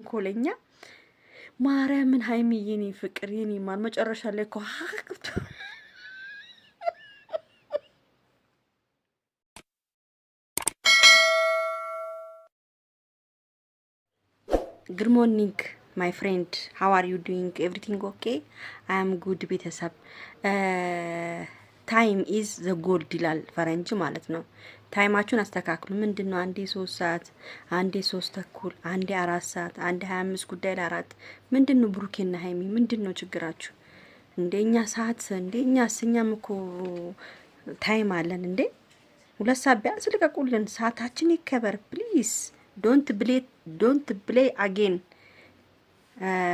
እንኮለኛ ማርያምን ሀይሚ የኔ ፍቅር የኔ ማን መጨረሻ ላይ እኮ ግድ ሞርኒንግ ማይ ፍሬንድ ሀው አር ዩ ዱዊንግ ኤቭሪቲንግ ኦኬ አይ አም ጉድ ቤተሰብ ታይም ኢዝ ዘ ጎልድ ይላል ፈረንጅ ማለት ነው። ታይማችሁን አስተካክሉ። ምንድን ነው አንዴ ሶስት ሰዓት፣ አንዴ ሶስት ተኩል፣ አንዴ አራት ሰዓት፣ አንዴ ሀያ አምስት ጉዳይ ለአራት አራት ምንድን ነው ብሩኬና ሀይሚ ምንድን ነው ችግራችሁ? እንደኛ ሰዓት እንደኛ ስኛም እኮ ታይም አለን እንዴ! ሁለት ሰዓት ቢያንስ ልቀቁልን። ሰዓታችን ይከበር ፕሊዝ። ዶንት ብሌ ዶንት ብሌ አጌን።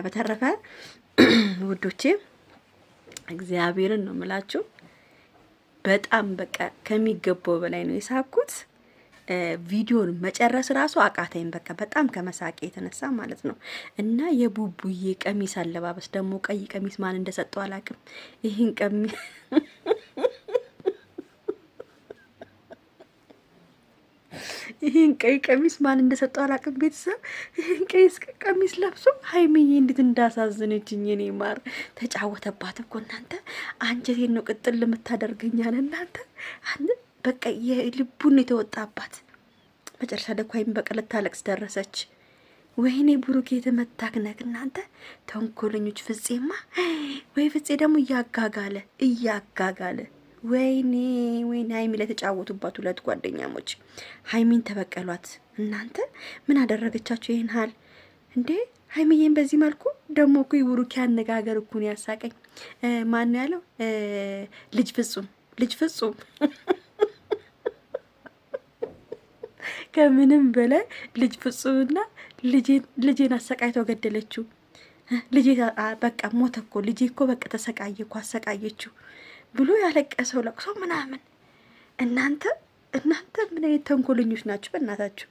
በተረፈ ውዶቼ እግዚአብሔርን ነው ምላችሁ? በጣም በቃ ከሚገባው በላይ ነው የሳኩት። ቪዲዮን መጨረስ ራሱ አቃተኝ። በቃ በጣም ከመሳቄ የተነሳ ማለት ነው። እና የቡቡዬ ቀሚስ አለባበስ ደግሞ ቀይ ቀሚስ ማን እንደሰጠው አላውቅም። ይህን ቀሚስ ይህን ቀይ ቀሚስ ማን እንደሰጠው አላውቅም። ቤተሰብ ይህን ቀይ እስከ ቀሚስ ለብሶ ሀይሚዬ እንዴት እንዳሳዝነችኝ እኔ ማር ተጫወተባት እኮ እናንተ። አንጀቴን ነው ቅጥል ልምታደርገኛል እናንተ። በቃ የልቡን የተወጣባት መጨረሻ ደግሞ ሀይሚ በቃ ልታለቅስ ደረሰች። ወይኔ የተመታክ ነክ እናንተ ተንኮለኞች ፍጼማ ወይ ፍጼ ደግሞ እያጋጋለ እያጋጋለ ወይኔ ወይኔ ሀይሚ ላይ ሁለት ጓደኛሞች ሀይሚን ተበቀሏት እናንተ ምን አደረገቻቸው ይህን ሀል እንዴ ሀይሚዬን በዚህ መልኩ ደግሞ እኮ የቡሩኪ አነጋገር እኮ ነው ያሳቀኝ ማን ነው ያለው ልጅ ፍጹም ልጅ ፍጹም ከምንም በላይ ልጅ ፍጹምና ልጄን አሰቃይተው ገደለችው ልጄ በቃ ሞተ እኮ ልጄ እኮ በቃ ተሰቃየ እኮ አሰቃየችው ብሎ ያለቀሰው ለቅሶ ምናምን። እናንተ እናንተ ምን አይነት ተንኮለኞች ናችሁ? በእናታችሁ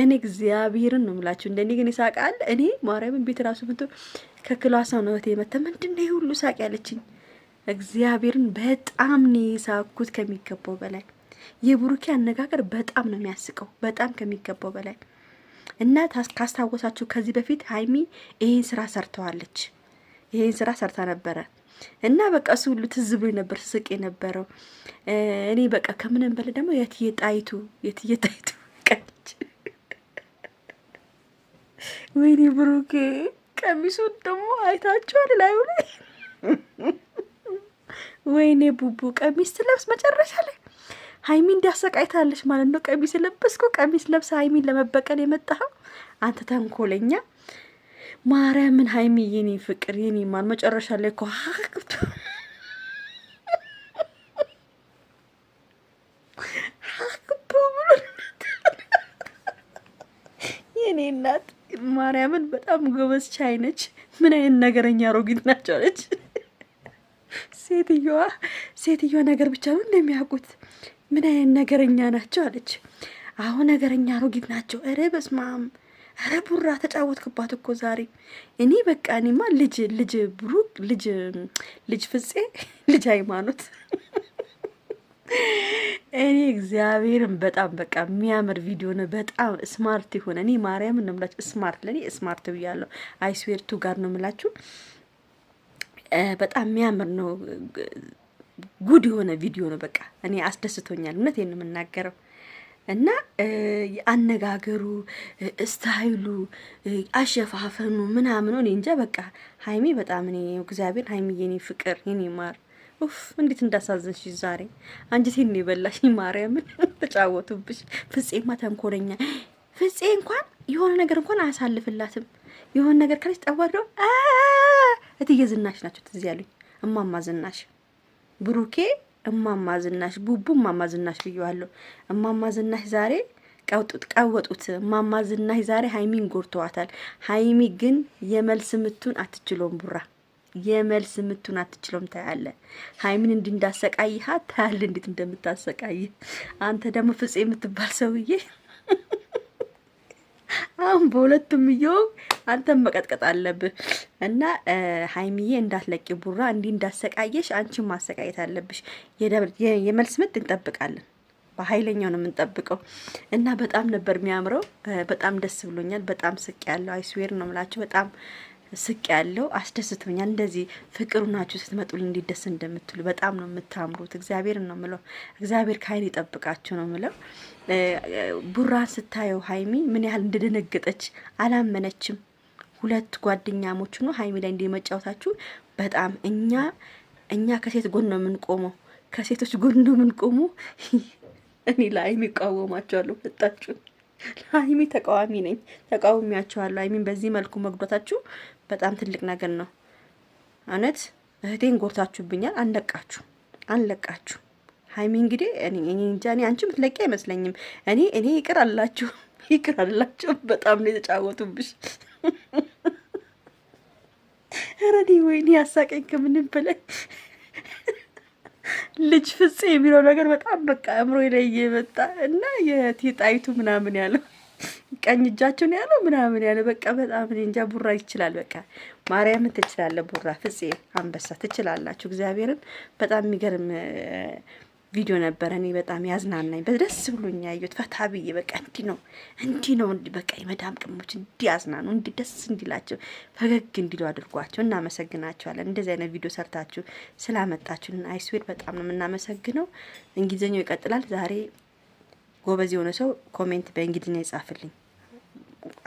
እኔ እግዚአብሔርን ነው ምላችሁ። እንደኔ ግን ይሳቃል። እኔ ማርያምን ቤት ራሱ ብንቶ ከክላሷ ነው ወቴ መተ ምንድን ነው ሁሉ ሳቅ ያለችኝ። እግዚአብሔርን በጣም ነው የሳኩት ከሚገባው በላይ። የብሩኬ አነጋገር በጣም ነው የሚያስቀው፣ በጣም ከሚገባው በላይ እና ካስታወሳችሁ ከዚህ በፊት ሀይሚ ይህን ስራ ሰርተዋለች። ይህን ስራ ሰርታ ነበረ። እና በቃ እሱ ሁሉ ትዝ ብሎኝ ነበር ስቅ የነበረው እኔ በቃ ከምንም በላይ ደግሞ የትዬ ጣይቱ የትዬ ጣይቱ ቀሚስ ወይኔ ብሩክ ቀሚሱን ደግሞ አይታችኋል ላዩ ላይ ወይኔ ቡቡ ቀሚስ ትለብስ መጨረሻ ላይ ሀይሚ እንዲያሰቃይታለች ማለት ነው። ቀሚስ የለበስኩ ቀሚስ ለብስ ሀይሚን ለመበቀል የመጣኸው አንተ ተንኮለኛ ማርያምን ሀይሚ የኔ ፍቅር የኔ ማን መጨረሻ ላይ እኮ የኔ እናት ማርያምን በጣም ጎበዝ ቻይ ነች። ምን አይነት ነገረኛ አሮጊት ናቸው አለች ሴትዮዋ። ሴትዮዋ ነገር ብቻ ነው እንደሚያውቁት። ምን አይነት ነገረኛ ናቸው አለች። አሁን ነገረኛ አሮጊት ናቸው። ኧረ በስመ አብ ኧረ ቡራ ተጫወትክባት እኮ ዛሬ። እኔ በቃ እኔማ ልጅ ልጅ ብሩክ ልጅ ልጅ ፍጼ ልጅ ሃይማኖት እኔ እግዚአብሔርን በጣም በቃ የሚያምር ቪዲዮ ነው። በጣም ስማርት የሆነ እኔ ማርያም ነው የምላችሁ። ስማርት ለእኔ ስማርት ብያለሁ። አይስዌር ቱ ጋር ነው ምላችሁ። በጣም የሚያምር ነው። ጉድ የሆነ ቪዲዮ ነው። በቃ እኔ አስደስቶኛል። እውነት ነው የምናገረው። እና አነጋገሩ፣ ስታይሉ፣ አሸፋፈኑ ምናምኑ እኔ እንጃ በቃ ሀይሚ በጣም እኔ እግዚአብሔር ሀይሚ የኔ ፍቅር የኔ ማር ኡፍ እንዴት እንዳሳዘንሽ ዛሬ አንጀቴን የበላሽ ማርያምን ተጫወቱብሽ። ፍፄማ ተንኮለኛ ፍጼ እንኳን የሆነ ነገር እንኳን አያሳልፍላትም። የሆነ ነገር ካለች ጠዋት ነው እትዬ ዝናሽ ናቸው ትዝ ያሉኝ እማማ ዝናሽ ብሩኬ እማማ ዝናሽ ቡቡ እማማ ዝናሽ ብየዋለሁ። እማማ ዝናሽ ዛሬ ቀውጡት ቀወጡት። እማማ ዝናሽ ዛሬ ሀይሚን ጎርተዋታል። ሀይሚ ግን የመልስ ምቱን አትችሎም። ቡራ የመልስ ምቱን አትችሎም። ታያለ ሀይሚን እንዲ እንዳሰቃይሃ ታያለ እንዴት እንደምታሰቃይ አንተ ደግሞ ፍጽ የምትባል ሰውዬ አሁን በሁለቱም እየው አንተም መቀጥቀጥ አለብህ እና ሀይሚዬ እንዳትለቂ ቡራ እንዲህ እንዳሰቃየሽ አንቺን ማሰቃየት አለብሽ። የመልስ ምት እንጠብቃለን። በሀይለኛው ነው የምንጠብቀው እና በጣም ነበር የሚያምረው። በጣም ደስ ብሎኛል። በጣም ስቅ ያለው አይስዌር ነው ምላቸው። በጣም ስቅ ያለው አስደስቶኛል። እንደዚህ ፍቅሩ ናችሁ ስትመጡልን እንዲደስ እንደምትሉ በጣም ነው የምታምሩት። እግዚአብሔር ነው ምለው። እግዚአብሔር ከአይን ይጠብቃችሁ ነው ምለው። ቡራን ስታየው ሀይሚ ምን ያህል እንደደነገጠች አላመነችም። ሁለት ጓደኛሞች ነው ሀይሚ ላይ እንደመጫወታችሁ በጣም እኛ እኛ ከሴት ጎን ነው የምንቆመው፣ ከሴቶች ጎን ነው የምንቆመው። እኔ ለሀይሚ እቃወማቸዋለሁ። መጣችሁ ለሀይሚ ተቃዋሚ ነኝ፣ ተቃውሚያቸዋለሁ። ሀይሚን በዚህ መልኩ መጉዳታችሁ በጣም ትልቅ ነገር ነው። እውነት እህቴን ጎርታችሁብኛል። አንለቃችሁ አንለቃችሁ። ሀይሚ እንግዲህ እኔ እንጃ፣ እኔ አንቺ ምትለቂ አይመስለኝም። እኔ እኔ ይቅር አላችሁ ይቅር አላችሁ። በጣም ነው የተጫወቱብሽ። ረዲ ወይኔ ያሳቀኝ ከምንም በላይ ልጅ ፍጼ የሚለው ነገር በጣም በቃ አእምሮ ላይ የመጣ እና የቴጣይቱ ምናምን ያለው ቀኝ እጃቸውን ያለው ምናምን ያለው በቃ በጣም እንጃ። ቡራ ይችላል፣ በቃ ማርያምን ትችላለ። ቡራ ፍጼ አንበሳ ትችላላችሁ። እግዚአብሔርን በጣም የሚገርም ቪዲዮ ነበረ። እኔ በጣም ያዝናናኝ በደስ ብሎኝ ያየሁት ፈታ ብዬ በቃ እንዲህ ነው እንዲህ ነው እንዲህ በቃ የመዳም ቅሞች እንዲህ ያዝናኑ እንዲህ ደስ እንዲላቸው ፈገግ እንዲሉ አድርጓቸው። እናመሰግናቸዋለን። እንደዚህ አይነት ቪዲዮ ሰርታችሁ ስላመጣችሁን አይስዌድ በጣም ነው የምናመሰግነው። እንግሊዝኛው ይቀጥላል። ዛሬ ጎበዝ የሆነ ሰው ኮሜንት በእንግሊዝኛ ይጻፍልኝ።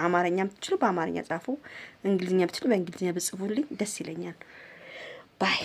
አማርኛ ብትችሉ በአማርኛ ጻፉ፣ እንግሊዝኛ ብትችሉ በእንግሊዝኛ ብጽፉልኝ ደስ ይለኛል። ባይ